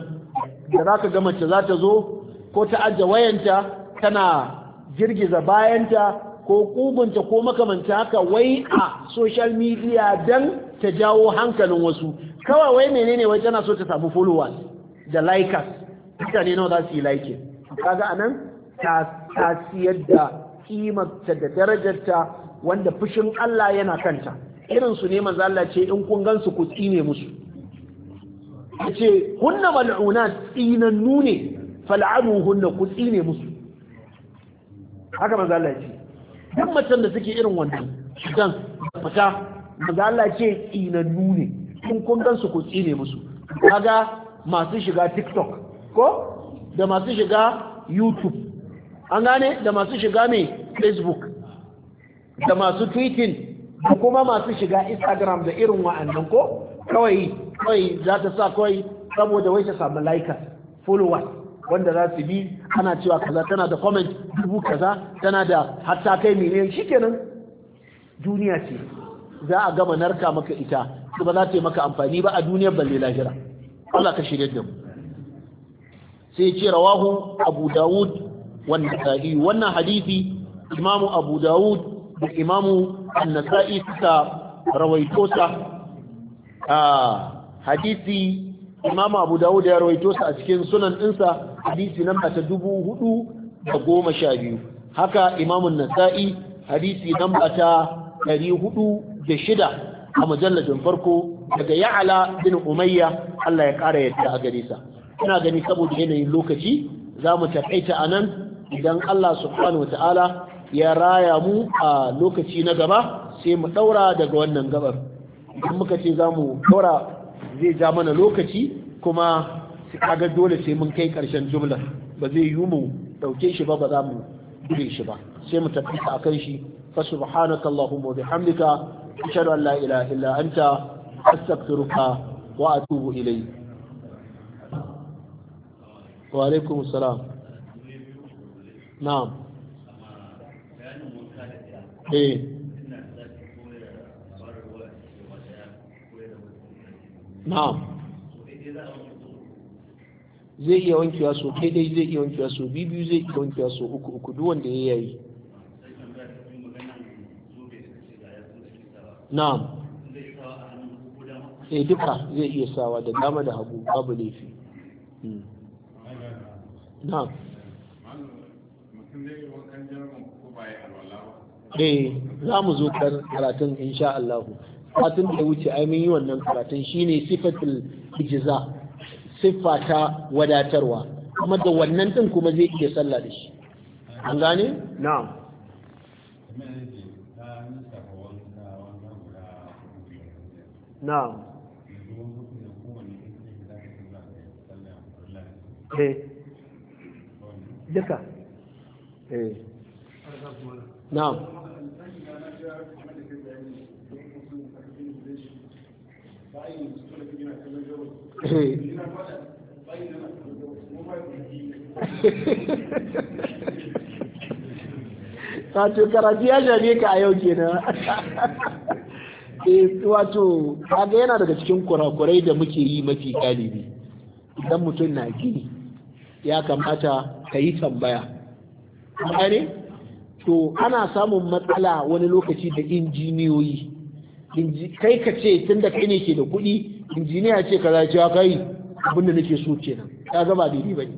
Speaker 1: da za ka ga mace za ta zo ko ta ajiye wayanta tana girgiza bayanta ko ƙugunta ko makamanta haka wai a social media dan ta jawo hankalin wasu kawai wai menene wai tana so ta samu followers da likers mutane nawa za su yi like kaga anan ta siyar da kimarta da darajarta wanda fushin Allah yana kanta irin su ne manzo Allah ce in kun gansu ku tsine musu yace hunna mal'unat tsinannu ne fal'anuhunna ku tsine musu haka manzo Allah ce duk macen da suke irin wannan dan fita manzo Allah ce tsinannu ne in kun gansu ku tsine musu kaga masu shiga TikTok ko da masu shiga YouTube an gane da masu shiga mai facebook da masu tweeting da kuma masu shiga instagram da irin wa'annan ko kawai kawai za ta sa kawai saboda wai ta samu laika followers wanda za su bi ana cewa kaza tana da comment dubu kaza tana da hatta kai miliyan shikenan duniya ce za a gama narka maka ita ba za ta yi maka amfani ba a duniyar balle lahira Allah ka shirye da mu sai ce rawahu abu dawud والنسائي وانا حديثي إمام أبو داود والإمام النسائي ستا رويتوسا آه حديثي إمام أبو داود رويتوسا أتكين سنن إنسا حديثي نمع تدبو هدو بقوم شابيو هكا إمام النسائي حديثي نمع تدبو هدو a majallajin farko daga ya'ala bin umayya Allah ya ƙara yadda a gare sa ina gani saboda yanayin lokaci za mu taƙaita a nan idan Allah subhanahu ta'ala ya raya mu a lokaci na gaba sai mu ɗaura daga wannan gabar idan muka ce za mu daura zai ja mana lokaci kuma kaga dole sai mun kai karshen jumla. ba zai yi mu ɗauke shi ba ba za mu gure shi ba sai mu tafi a kan shi fa subhanaka allahumma wa bihamdika ashhadu an la ilaha illa anta astaghfiruka wa atubu ilayk wa alaikum na'am eh. na'am zai iya wankewa so kai dai zai iya wankewa so biyu zai iya wankewa so uku uku duk wanda ya yayi na'am eh duka zai iya sawa da dama da hagu babu laifi hmm. na'am eh za mu zo kar karatun insha Allah fatin da wuce ai mun yi wannan karatun shine sifatul ijza siffa ta wadatarwa kuma da wannan din kuma zai iya sallah da shi an gane na'am na'am eh duka نعم eh. <laughs> wato karatu ya jami ka a yau kenan <laughs> eh, wato kaga yana daga cikin kurakurai da muke yi mafi galibi idan mutum na gini ya kamata ka yi tambaya gane to ana samun matsala wani lokaci da injiniyoyi kai ka ce tun da kai ne ke da kuɗi injiniya ce kaza cewa kai abin da nake so kenan ya gaba da ba ne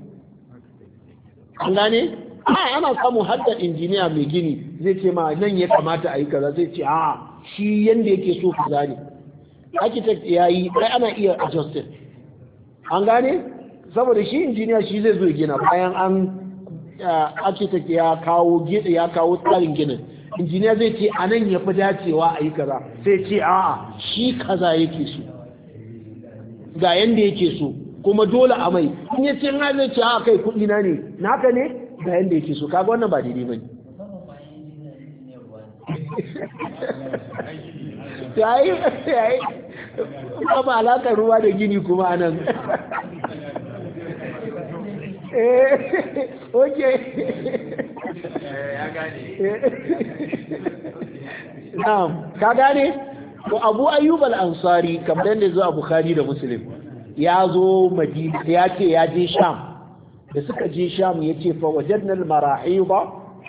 Speaker 1: an gane a ana samun hadda injiniya mai gini zai ce ma nan ya kamata a yi kaza zai ce a shi yanda yake so ku gane. architect ya yi kai ana iya adjusted an gane saboda shi injiniya shi zai zo gina bayan an architect ya kawo gida ya kawo tsarin ginin injiniya zai ce a nan ya fi dacewa a yi kaza sai ce a'a shi kaza yake so ga yadda yake so kuma dole a mai in ya ce na zai ce a kai kudi na ne naka ne ga yadda yake so kaga wannan ba daidai bane yayi yayi ba <laughs> alakar ruwa da gini kuma nan <laughs> eh <laughs> oke eh, ya eh, <laughs> ka gane ko abu ayyub al-ansari kamar yadda zuwa bukhari da muslim ya zo madina ya ce ya je sham da suka je sham ya ce fa wajadna al-marahiba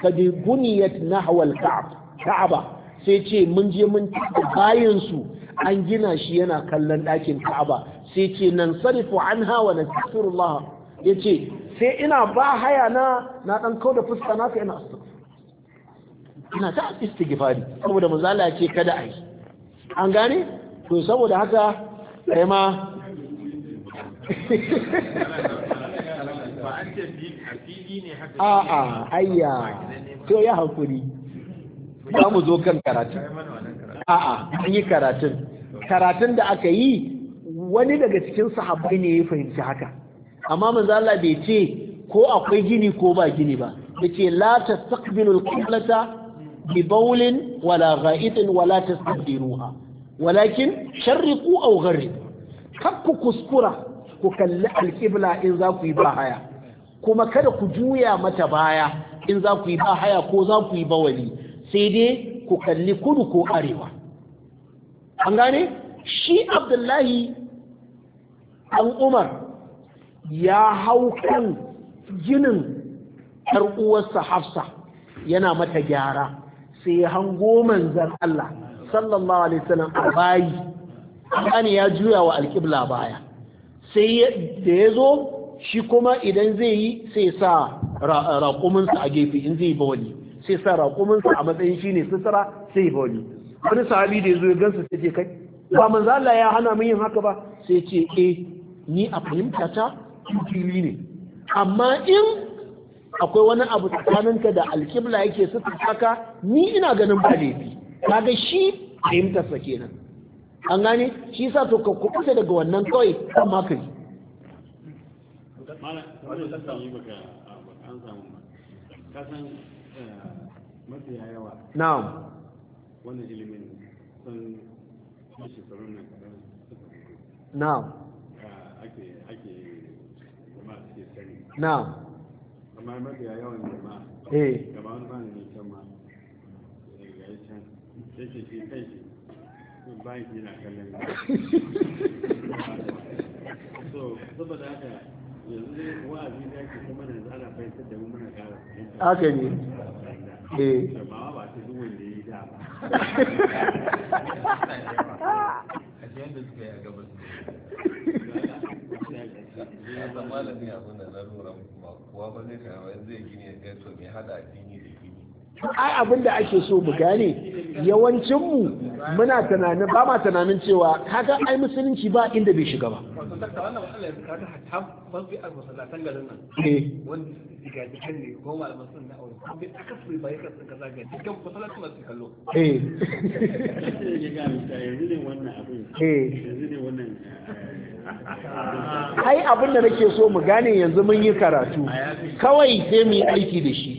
Speaker 1: kad buniyat nahwa al-ka'b ka'aba sai ce mun je mun bayan su an gina shi yana kallon ɗakin ka'aba sai ce nan sarifu na wa ya yace sai ina ba haya na na dan kau da fuska na sai ina astaghfar ina ta istighfari saboda manzo ya ce kada ai an gane to saboda haka sai ma <laughs> a'a ayya to ya hakuri za mu zo kan karatun a'a an yi karatun karatun da aka yi wani daga cikin sahabbai ne ya fahimci haka amma manzo Allah bai ce ko akwai gini ko ba gini ba yace la tastaqbilu al-qiblata bi bawlin wala gha'itin wala tastadiruha walakin sharriqu aw gharribu kakku kuskura ku kalli al in za ku yi bahaya kuma kada ku juya mata baya in za ku yi bahaya ko za ku yi bawali sai dai ku kalli kudu ko arewa an gane shi abdullahi an umar ya hau kan ginin uwarsa hafsa yana mata gyara sai hango manzan Allah sallallahu alaihi wasallam a bayi an ya juya wa alƙibla baya sai da ya zo shi kuma idan zai yi sai sa raƙuminsa a gefe in zai ba wani, sai sa raƙuminsa a matsayin shi ne sutura sai ba wani sahabi da ya zo ya gansu sai ce kai ba manzo Allah ya hana min yin haka ba sai ce eh ni a fahimta ta? fili ne amma in akwai wani abu tsakaninka da alkibla yake suka haka ni ina ganin ba laifi kaga shi fahimtarsa kenan an gane shi sa to ka kuɓuta daga wannan kawai kan makari ah, eh, na'am na'am na'am amma mafiya yawan jama'a eh gaba wani ne can ma yi can yake shi kai shi bayan shi na kallon so saboda haka yanzu da ke kuma ana da kara haka ne eh ba ta yi da ba <laughs> malamin abin da zarurar ba kuwa ba zai kama yanzu zai gini ya kai to mai hada addini da gini ai abin da ake so mu gane yawancin mu muna tunanin ba ma tunanin cewa kaga ai musulunci ba inda bai shiga ba eh ai abin da nake so mu gane yanzu mun yi karatu kawai sai mu yi aiki da shi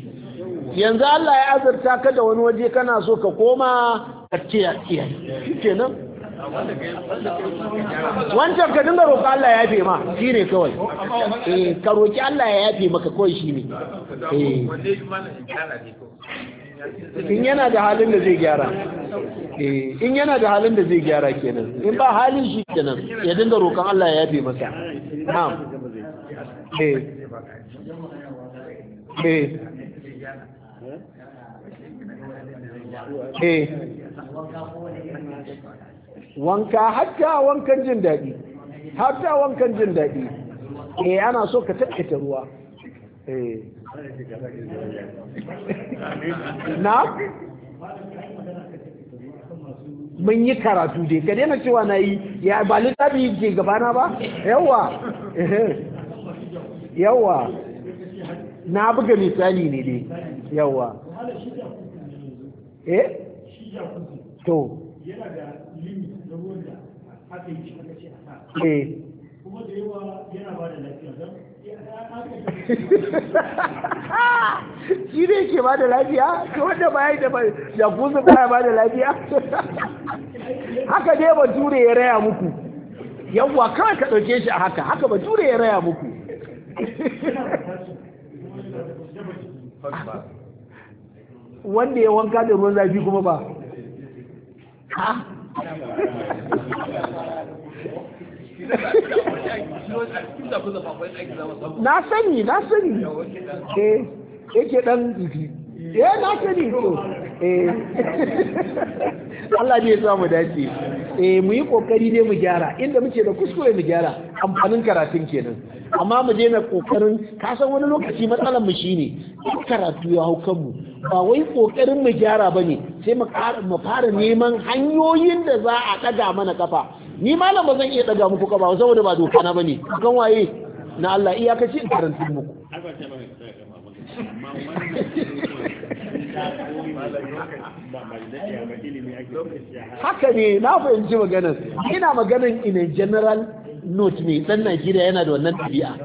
Speaker 1: yanzu Allah ya azurta ka da wani waje kana so ka koma ka ce kenan wancan ka dinga roƙa Allah ya fi ma shi ne kawai eh, ka roƙi Allah ya fi maka kawai shi ne eh in yana da halin da zai gyara eh, in yana da halin da zai gyara kenan in ba halin shi kenan ya dinga roƙon Allah ya fi masa na'am eh eh eh wanka hatta wankan jin daɗi hatta wankan jin daɗi eh ana so ka taƙaita ruwa eh na mun yi karatu dai ka daina cewa na yi ya ba littafi ke gabana ba yawa <laughs> yawa na buga misali ne dai yawa eh to yana da limit da wanda aka yi shi kuma da yawa yana ba da lafiya <laughs> shi ne ke ba da lafiya shi wanda ba ya da yakusa ba ba da lafiya <laughs> haka ne ba jure ya raya muku yawwa kawai ka ɗauke shi a haka haka ba jure ya raya muku <laughs> wanda ya wanka da ruwan zafi kuma ba ha na sani na sani eh yake dan jiki eh na sani to eh <laughs> Allah ne ya samu dace eh mu yi kokari ne mu gyara inda muke da kuskure mu gyara amfanin karatun kenan amma mu daina kokarin ka san wani lokaci matsalar mu shine karatu ya hau mu ba wai kokarin mu gyara bane sai mu fara neman hanyoyin da za a daga mana kafa ni malam ba zan iya daga muku ba saboda ba doka na bane kan waye na Allah iyakaci in karanta muku haka ne na fahimci maganar ina maganar in a general note ne dan Najeriya yana da wannan tabi'a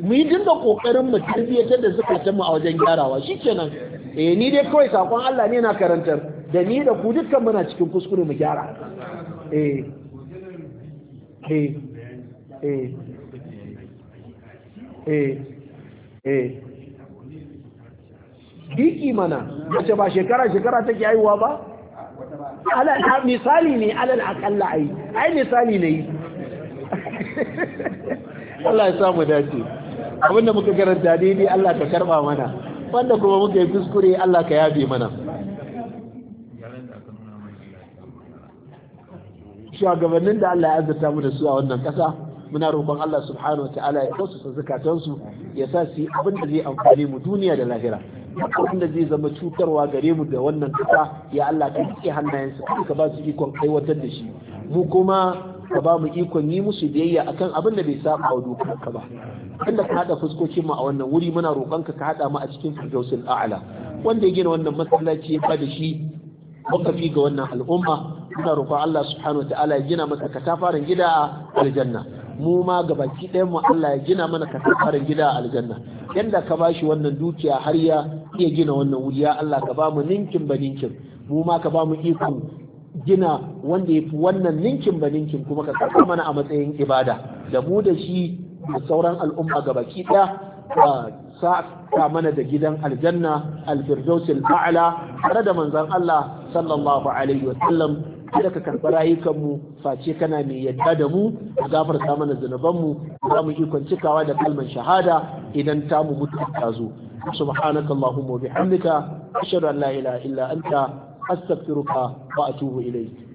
Speaker 1: mu yi dinga kokarin mu tarbiyyatar da suka mu a wajen gyarawa shikenan eh ni dai kawai sakon Allah ne na karantar da ni da ku dukkan muna cikin kuskure mu gyara eh eh eh eh diki eh. mana ba shekara-shekara take haihuwa ba? misali ne alal akalla ai ai misali ne <laughs> Allah ya samu dace abinda muka karanta daidai Allah ka karba mana wanda kuma muka yi fuskure Allah ka yabe mana shugabannin da Allah ya azurta mu da su a wannan ƙasa muna roƙon Allah subhanahu wa ta'ala ya su zakatansu ya sa su abin da zai amfani mu duniya da lahira abin da zai zama cutarwa gare mu da wannan ƙasa ya Allah ka rike hannayensu kuma ka ba su ikon aiwatar da shi mu kuma ka ba mu ikon yi musu biyayya akan abin da bai saba wa dokarka ba Inda ka haɗa fuskokin mu a wannan wuri muna roƙon ka ka hada mu a cikin firdausul a'la wanda ya gina wannan masallaci ya da shi wakafi ga wannan al'umma muna roƙo Allah subhanahu wataala ya gina masa katafaren gida a aljanna mu ma gabaki ɗayan mu Allah ya gina mana katafaren gida a aljanna yanda ka bashi wannan dukiya har ya iya gina wannan wuri ya Allah ka ba mu ninkin ba ninkin mu ma ka ba mu iko gina wanda ya fi wannan ninkin ba ninkin kuma ka karɓa mana a matsayin ibada da mu da shi da sauran al'umma gabaki ɗaya saka mana da gidan aljanna alfirdausil a'la tare da manzon Allah sallallahu alaihi wa sallam kada ka karɓi rayukanmu face kana mai yadda da mu a gafarta mana zunubanmu za mu ikon cikawa da kalman shahada idan ta mu mutu ta zo subhanaka allahumma wa bihamdika ashhadu an la ilaha illa anta astaghfiruka wa atubu ilayk